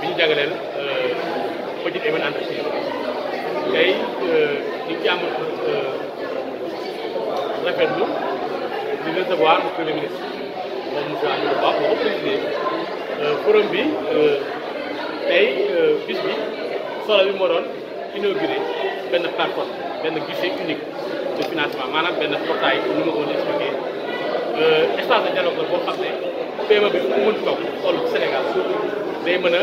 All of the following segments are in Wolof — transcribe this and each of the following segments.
bi ñu jagleel euh, petite et moyenne entreprise tey ñu euh, ci am euh, rafetlu di recevoir premier moom monsieur Amadou Ba moo ko présidé forum bi tey bis bi solo bi moo doon inauguré benn plateforme benn guichet unique de financement maanaam benn portail nu ma ko woon expliqué espace de dialogue la boo xam ne PME bi mu mën toog xool Sénégal day mën a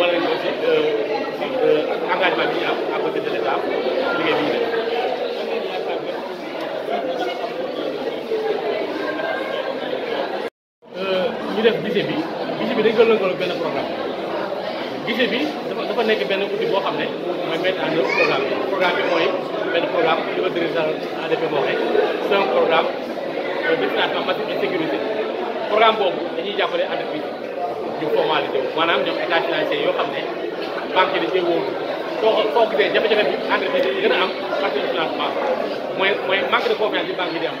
wane nañu aussi euh, euh, engagement bi ñu am à de l'État ci liggéey bi ñu def. Euh, ñu def guichet bi guichet bi dañ ko benn programme guichet dafa dafa nekk benn outil boo xam ne mooy mettre en programme programme bi mooy benn programme li ko directeur ADP moo waxee c'est un programme de financement massif et sécurité programme boobu dañuy jàppale entreprise ñu formalité wu maanaam ñoom état financier yoo xam ne banque dañ koy wóolu soo soo gisee jafe-jafe bi entreprise yi gën a am parce que financement mooy mooy manque de confiance yi banque yi di am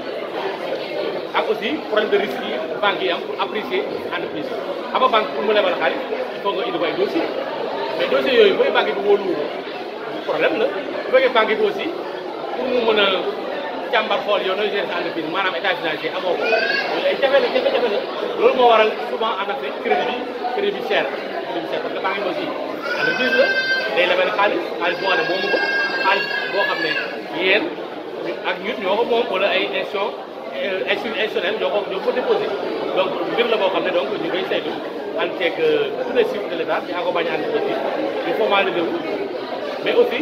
ak aussi problème de risque yi banque yi am pour apprécier entreprise yi xam nga banque pour mu lebal xaalis il faut nga indi ko ay dossier mais dossiers yooyu mooy banque bi wóolu problème la bu fekkee banque bi aussi pour mu mën a càmbar xool yow nooy gérer sa entreprise prix bi cher prix bi cher parce que maa ngi la day lebal xaalis xaalis boo xam ne xaalis boo xam ne yéen ak ñun ñoo ko moom wala ay institution institutionnelle ñoo ko ñoo ko déposé donc mbir la boo xam ne donc ñu koy saytu ànd ceeg tous les services de l'État di accompagner ànd aussi ñu formaliser wu mais aussi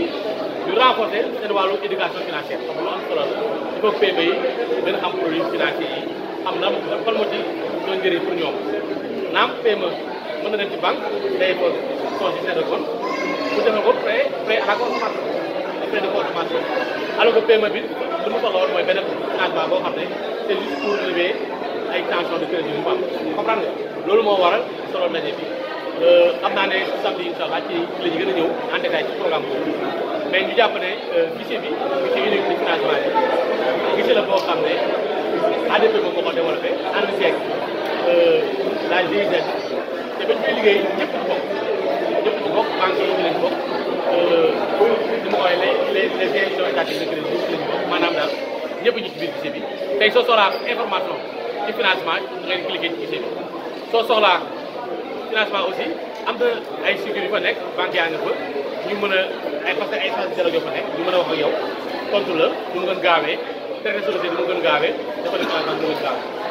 ñu renforcer seen wàllu éducation financière xam nga lu am solo il faut PME yi gën a xam produits financiers yi xam lan fan moo ci njëriñ pour ñoom naam PME mën na dem ci banque day ko soog ci de compte bu defee ko prêt prêt à la consommation prêt de consommation alors que PME bi du mu soxla woon mooy benn financement boo xam ne c'est juste pour lever ay tension de crédit bu mu am comprendre nga loolu moo waral solo ndaje bi euh, xam naa ne samedi incha allah ci la ñu gën a ñëw en détail ci programme mais ñu jàpp ne guichet euh, bi guichet unique de financement yi guichet la boo xam ne ADP moom moo ko développé ànd ceeg euh, la GIZ te bañ koy liggéey ñëpp a bokk ñëpp a bokk banque yi ñu leen bokk li ma koy les les les institutions étatiques de crédit yëpp bokk maanaam daal ñëpp ñu ci biir guichet tey soo soxlaa information ci financement nga cliqué ci guichet bi soo soxlaa financement aussi am na ay structures yu fa nekk banque yaa nga fa ñu mën a ay parce que ay espace zéro nekk ñu mën a wax ak yow tontu la mu gën gaawee traité société mu gën gaawee dafa def financement mu gën gaawee